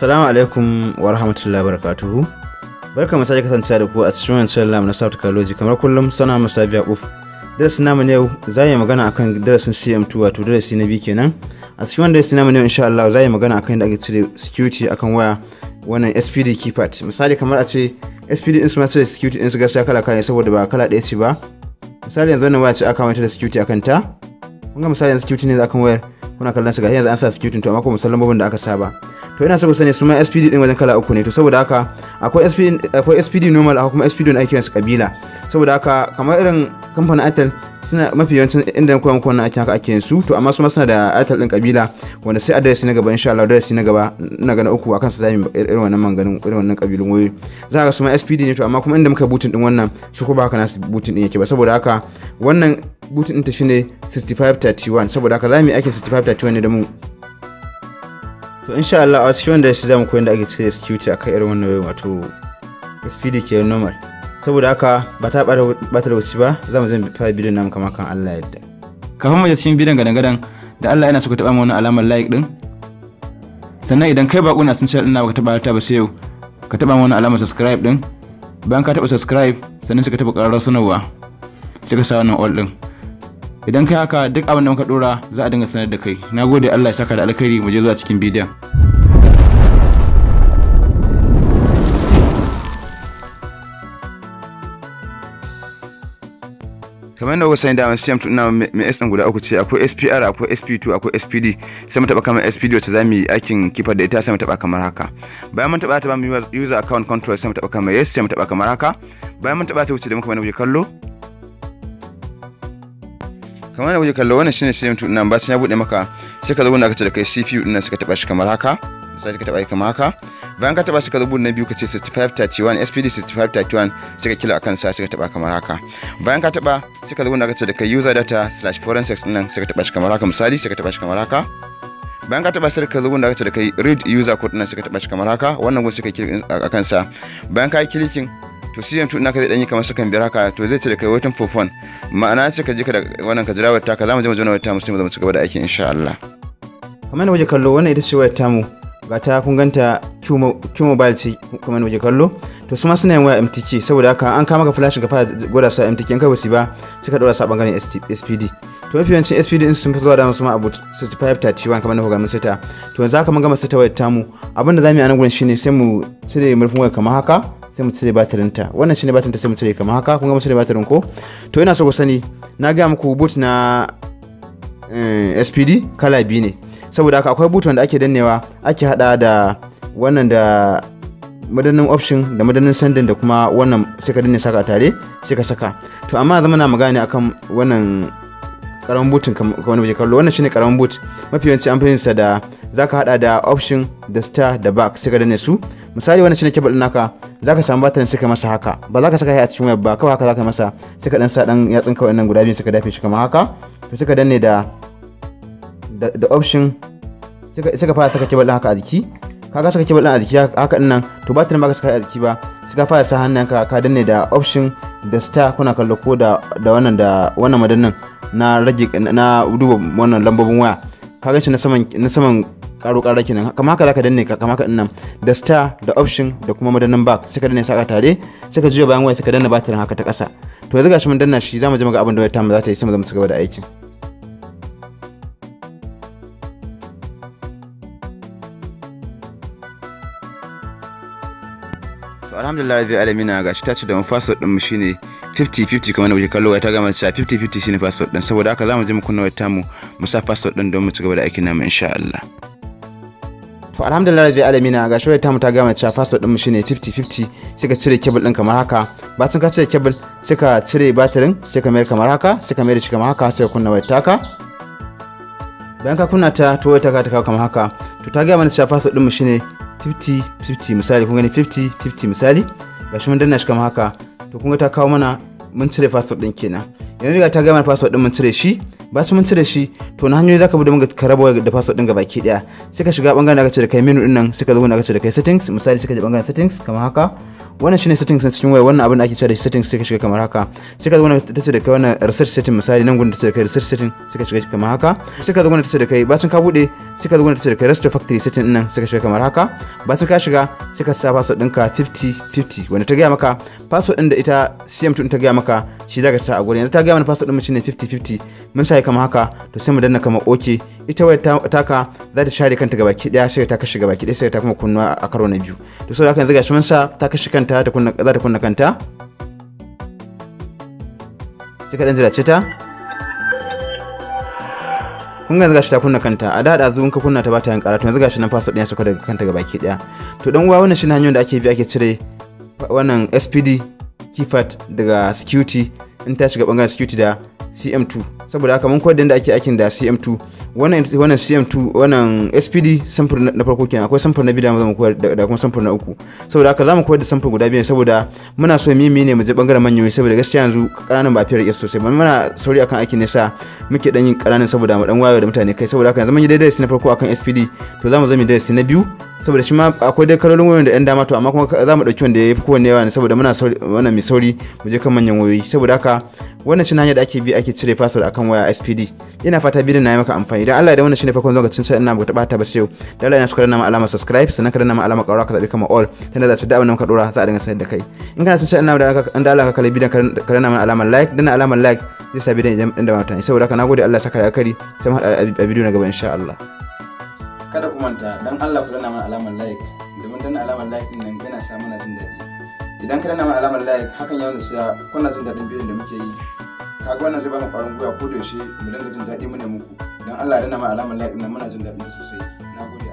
Assalamu alaikum wa rahmatullahi barakatuhu. Barka mu sake kasancewa da ku a cikin wancan lamu na South Kaloji kamar kullum sana mu Safiya Uf. Darasin namu na yau za yi magana akan darasin CM2 wato darasi na biyu kenan. A cikin wannan darasin namu yau insha Allah za yi magana akan yadda ake cire security akan waya wannan SPD keypad. Misali kamar a ce SPD din su ma cire security din su gaskiya kala kala ne saboda ba kala ɗaya ce ba. Misali yanzu wannan waya ce aka mata da security akan ta. Kun ga misali yanzu security ne akan wayar kuna kallon su ga yanzu an sa security to amma ko musallan babban da aka saba. to ina so sani su ma SPD din wajen kala uku ne to saboda haka akwai SPD akwai SPD normal akwai kuma SPD na ake kiransa kabila saboda haka kamar irin kamfanin Airtel suna mafi yawancin inda kuma kuma na ake haka ake yin su to amma su ma suna da Airtel din kabila wanda sai adresi na gaba insha Allah adresi na gaba ina gana uku akan su zamu irin wannan manganin irin wannan kabilun wayoyi za ka su ma SPD ne to amma kuma inda muka butin din wannan su ko ba na nasu butin din yake ba saboda haka wannan butin din ta shine 6531 saboda haka zamu yi aikin 6531 ne da mu to insha Allah a cikin wanda shi zamu koyi da ake ce security akan irin wannan wayoyin wato speed ke normal saboda haka ba ta bata lokaci ba zamu zan fara bidiyon namu kamar kan Allah yadda kafin mu je cikin bidiyon gadan gadan da Allah yana so ka taba mu wannan alamar like din sannan idan kai bako na sun share din baka taba ta ba sai ka taba mu wannan alamar subscribe din bayan ka taba subscribe sannan sai ka taba karar sanarwa sai ka sa wannan all din idan kai haka duk abin da muka dora za a dinga sanar da kai na gode Allah ya saka da alkhairi mu je zuwa cikin bidiyon kamar yadda kuka sani da CM ina mai S guda uku ce akwai SPR akwai SP2 akwai SPD sai mu taba kamar SPD wacce za mu yi aikin kifar da ita sai mu taba kamar haka bayan mun taba ta ba mu user account control sai mu taba kamar yes sai mu taba kamar haka bayan mun taba ta wuce da muka mai kallo kamar da kuke kallo wannan shine sai mutum nan sai ya bude maka sai ka zo wanda aka ce da kai CPU din nan suka taba shi kamar haka sai ka taba shi kamar haka bayan ka taba shi ka zo bude na biyu ka ce 6531 SPD 6531 sai ka kila akan sa sai ka taba kamar haka bayan ka taba sai ka zo wanda aka ce da kai user data slash forensics din nan sai ka taba shi kamar haka misali sai ka taba shi kamar haka bayan ka taba sai ka zo wanda aka ce da kai read user code nan suka taba shi kamar haka wannan gun suka kila akan sa bayan ka yi clicking to season na ka zai danyi kamar sakan biyar haka to zai ce da kai waiting for ma'ana ce ka je ka da wannan ka jira wata ka zamu je mu zauna wata musulmi zamu ci gaba da aikin insha Allah kamar da waje kallo wannan ita ce wayar mu ga ta kun ganta Q mobile ce kamar waje kallo to su ma suna yin waya MTK saboda haka an kama ka flash ga fara gwada su MTK in kai wasi ba suka dora su a bangaren SPD to mafi yawancin SPD din sun fi zuwa da su ma abu 6531 kamar na hoga mun ta to yanzu haka mun gama sita wayar tamu abinda zamu yi a nan gurin shine sai mu cire murfin waya kamar haka sai mu cire batirin ta wannan shine batirin ta sai mu cire kamar haka kun ga mu cire batirin ko to ina so ku sani na ga muku boot na eh, SPD kala biyu ne saboda haka akwai boot wanda ake dannewa ake hada da wannan da madannin option da madannin sandin da kuma wannan sai ka danne saka tare sai ka saka to amma zama na magana akan wannan karamin butun kamar wani bai kallo wannan shine karamin boot mafi yawanci an fahimta da zaka hada da option da star da back sai ka danne su misali wani cinikin baɗin naka za ka samu batirin suka masa haka ba za ka saka ya a cikin wayar ba kawai haka za ka masa suka ɗan sa ɗan yatsun kawai nan guda biyu suka dafe shi kamar haka to suka danne da da option suka fara saka kebal ɗin haka a jiki kaga saka kebal ɗin a jiki haka ɗin nan to batirin ba ka saka a jiki ba suka fara sa hannunka ka danne da option da star kuna kallo ko da da wannan da wannan madannin na rage na duba wannan lambobin waya kaga shi na saman na saman karo kara kenan kamar haka zaka danne kamar haka dinnan da star da option da kuma madannin back sai ka danne saka tare sai ka bayan waya sai ka danna batirin haka ta kasa to yanzu gashi mun danna shi zamu je mu abin da wata mu za ta yi sai mu zama ci gaba da aikin to alhamdulillah zai alamina gashi ta ce da mu din mu shine 50-50 kamar da muke kallo ta gama cewa 50-50 shine password din saboda haka zamu je mu kunna wayar tamu mu sa password din don mu cigaba gaba da aikin namu insha Allah to alhamdulillah rabbi alamina ga shawai tamu ta gama cewa fasto din mu shine 50-50 suka cire cable din kamar haka bacin ka cire cable suka cire batirin suka ka mayar kamar haka suka ka mayar shi kamar haka sai kunna wayar taka bayan ka kunna ta to wayar taka ta kawo kamar haka to ta gaya mana cewa fasto din mu shine 50-50 misali kun gani 50-50 misali shi mun danna shi kamar haka to kun ga ta kawo mana mun cire password din kenan yanzu riga ta gama password din mun cire shi ba su mun cire shi to na hanyoyi zaka bude mun ka raba da password din gabaki daya sai ka shiga bangaren da ka ce da kai menu din nan sai ka zo da ka ce da kai settings misali sai ka je bangaren settings kamar haka wannan shine settings na cikin waya wannan abin da ake cewa settings sai ka shiga kamar haka sai ka zo wannan tace da kai wannan research setting misali nan gudun ta da kai research setting sai ka shiga kamar haka sai ka zo wannan tace da kai sun ka bude sai ka zo wannan tace da kai rest factory setting din nan sai ka shiga kamar haka sun ka shiga sai ka sa password ɗinka 50 50 wanda ta gaya maka password ɗin da ita CM2 ta gaya maka shi zaka sa a gurin yanzu ta gaya mana password din mu shine 50-50 mun sai kama haka to sai mu danna kama oke ita wayar taka za ta share kanta gabaki daya sai ta kashe gabaki daya sai ta kuma kunna a karo na biyu to saboda haka yanzu gashi mun sa ta kashe kanta ta kunna za ta kunna kanta sai ka dan jira ce ta kun ga gashi ta kunna kanta a da dazu in ka kunna ta ba ta yin karatu yanzu gashi nan password din ya sauka daga kanta gabaki daya to dan uwa wannan shine hanyoyin da ake bi ake cire wannan SPD kifat daga security in ta shiga bangaren security da cm2 saboda haka mun koyar da yadda ake aikin da CM2 wannan CM2 wannan SPD samfur na farko kenan akwai samfur na biyu da mu koyar da kuma samfur na uku saboda haka zamu koyar da samfur guda biyu saboda muna so mimi ne mu je bangaren manyoyi saboda gaskiya yanzu kananan ba fiyar sosai ban muna sauri akan aikin ne sa muke dan yin kananan saboda mu dan wayo da mutane kai saboda haka yanzu mun yi daidai na farko akan SPD to zamu zo mu daidai na biyu saboda shi ma akwai dai kalolin wayoyin da yan dama to amma kuma za mu dauki wanda ya fi kowanne yawa ne saboda muna sauri wannan mai sauri mu je kan manyan wayoyi saboda haka wannan shi hanyar da ake bi ake cire password akan waya SPD ina fata bidiyon na yi maka amfani idan Allah ya da wannan shine farkon lokacin sai ina bata bata ba sai da Allah ina so ka danna alama subscribe sannan ka danna alama ƙaura ka zabi kama all tana da su da abin ka dora za a dinga sayar da kai in kana son ina da da Allah ka kalli bidiyon ka danna mana alamar like danna alamar like zai sa bidiyon idan da mutane saboda haka nagode Allah saka ya kari sai mu hada a bidiyo na gaba insha Allah kada ku manta dan Allah ku danna mana alamar like domin danna alamar like din nan yana sa mana jin daɗi idan ka dana mana alamar like hakan ya siya kuna jin daɗin bidiyon da muke yi kaga wannan zai ba mu ƙwarin gwiwa ko da yaushe mu dinga jin daɗi mu ne muku idan Allah dana mana alamar like ɗin muna jin daɗin sosai gode